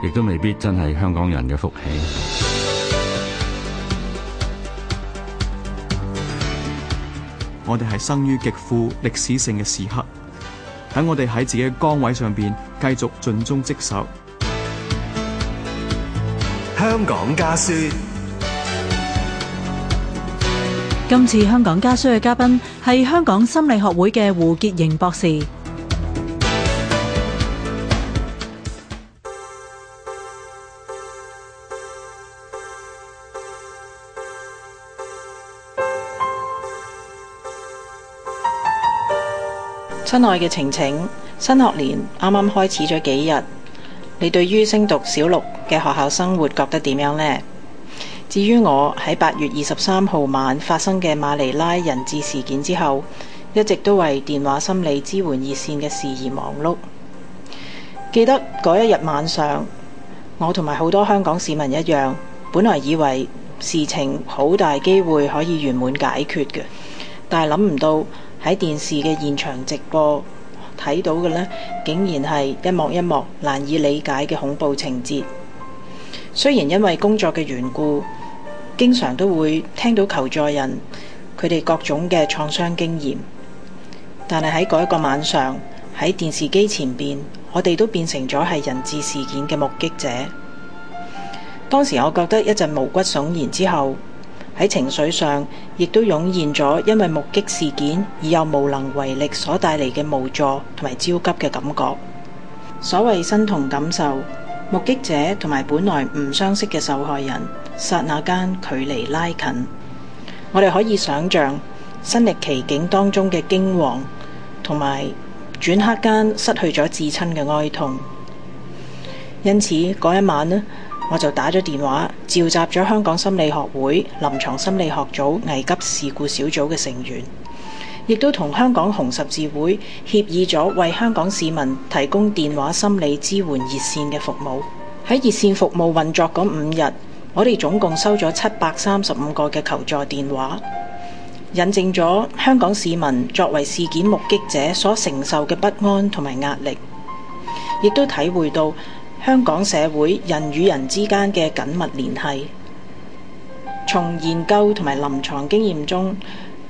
亦都未必真係香港人嘅福氣。我哋係生於極富歷史性嘅時刻，等我哋喺自己嘅崗位上邊繼續盡忠職守。香港家書。今次香港家書嘅嘉賓係香港心理學會嘅胡潔瑩博士。親愛嘅晴晴，新學年啱啱開始咗幾日，你對於升讀小六嘅學校生活覺得點樣呢？至於我喺八月二十三號晚發生嘅馬尼拉人質事件之後，一直都為電話心理支援熱線嘅事而忙碌。記得嗰一日晚上，我同埋好多香港市民一樣，本來以為事情好大機會可以圓滿解決嘅，但係諗唔到。喺電視嘅現場直播睇到嘅呢，竟然係一幕一幕難以理解嘅恐怖情節。雖然因為工作嘅緣故，經常都會聽到求助人佢哋各種嘅創傷經驗，但係喺嗰一個晚上喺電視機前面，我哋都變成咗係人質事件嘅目擊者。當時我覺得一陣毛骨悚然，之後，喺情緒上，亦都湧現咗因為目擊事件而又無能為力所帶嚟嘅無助同埋焦急嘅感覺。所謂身同感受，目擊者同埋本來唔相識嘅受害人，剎那間距離拉近。我哋可以想象身歷奇境當中嘅驚惶，同埋轉刻間失去咗至親嘅哀痛。因此，嗰一晚呢，我就打咗電話召集咗香港心理學會臨床心理學組危急事故小組嘅成員，亦都同香港紅十字會協議咗為香港市民提供電話心理支援熱線嘅服務。喺熱線服務運作嗰五日，我哋總共收咗七百三十五個嘅求助電話，印證咗香港市民作為事件目擊者所承受嘅不安同埋壓力，亦都體會到。香港社會人與人之間嘅緊密聯繫，從研究同埋臨床經驗中，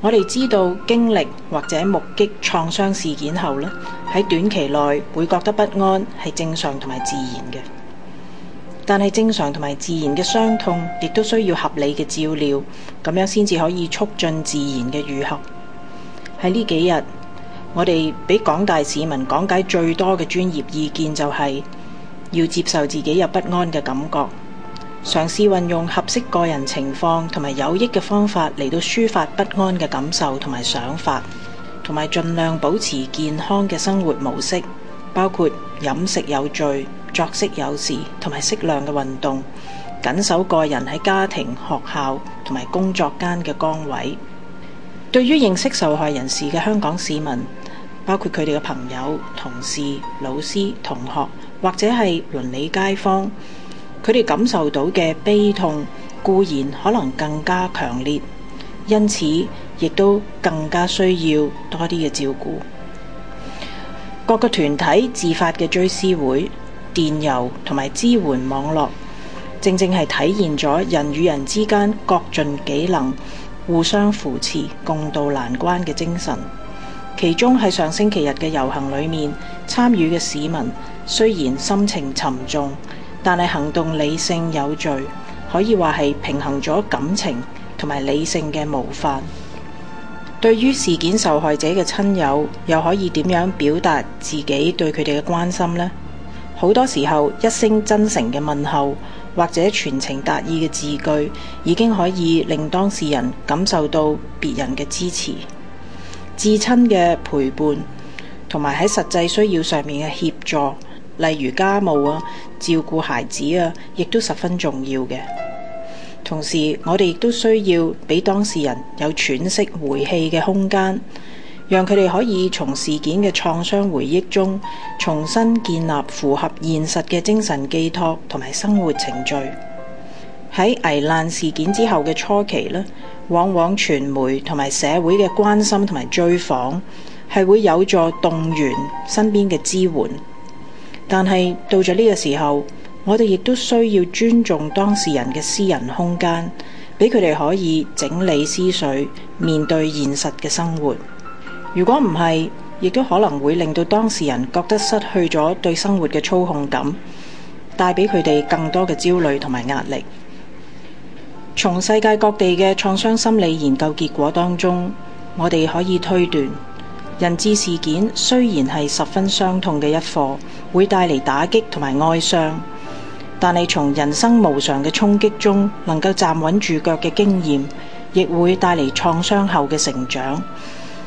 我哋知道經歷或者目擊創傷事件後咧，喺短期內會覺得不安係正常同埋自然嘅。但係正常同埋自然嘅傷痛，亦都需要合理嘅照料，咁樣先至可以促進自然嘅愈合。喺呢幾日，我哋俾廣大市民講解最多嘅專業意見就係，要接受自己有不安嘅感覺，嘗試運用合適個人情況同埋有益嘅方法嚟到抒發不安嘅感受同埋想法，同埋盡量保持健康嘅生活模式，包括飲食有序、作息有時同埋適量嘅運動，謹守個人喺家庭、學校同埋工作間嘅崗位。對於認識受害人士嘅香港市民，包括佢哋嘅朋友、同事、老師、同學。或者係鄰里街坊，佢哋感受到嘅悲痛固然可能更加強烈，因此亦都更加需要多啲嘅照顧。各個團體自發嘅追思會、電郵同埋支援網絡，正正係體現咗人與人之間各盡己能、互相扶持、共度難關嘅精神。其中係上星期日嘅遊行裏面參與嘅市民。雖然心情沉重，但係行動理性有序，可以話係平衡咗感情同埋理性嘅模範。對於事件受害者嘅親友，又可以點樣表達自己對佢哋嘅關心呢？好多時候，一聲真誠嘅問候或者傳情達意嘅字句，已經可以令當事人感受到別人嘅支持、至親嘅陪伴，同埋喺實際需要上面嘅協助。例如家務啊、照顧孩子啊，亦都十分重要嘅。同時，我哋亦都需要俾當事人有喘息、回氣嘅空間，讓佢哋可以從事件嘅創傷回憶中重新建立符合現實嘅精神寄託同埋生活程序。喺危難事件之後嘅初期呢，往往傳媒同埋社會嘅關心同埋追訪係會有助動員身邊嘅支援。但係到咗呢個時候，我哋亦都需要尊重當事人嘅私人空間，俾佢哋可以整理思緒，面對現實嘅生活。如果唔係，亦都可能會令到當事人覺得失去咗對生活嘅操控感，帶俾佢哋更多嘅焦慮同埋壓力。從世界各地嘅創傷心理研究結果當中，我哋可以推斷。人質事件雖然係十分傷痛嘅一課，會帶嚟打擊同埋哀傷，但係從人生無常嘅衝擊中，能夠站穩住腳嘅經驗，亦會帶嚟創傷後嘅成長，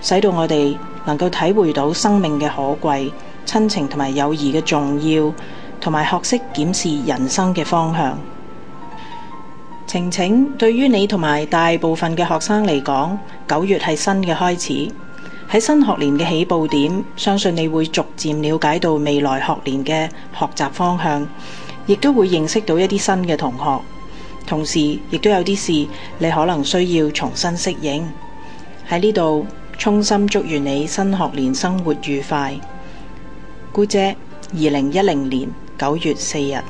使到我哋能夠體會到生命嘅可貴、親情同埋友誼嘅重要，同埋學識檢視人生嘅方向。晴晴，對於你同埋大部分嘅學生嚟講，九月係新嘅開始。喺新學年嘅起步點，相信你會逐漸了解到未來學年嘅學習方向，亦都會認識到一啲新嘅同學，同時亦都有啲事你可能需要重新適應。喺呢度，衷心祝願你新學年生活愉快。姑姐，二零一零年九月四日。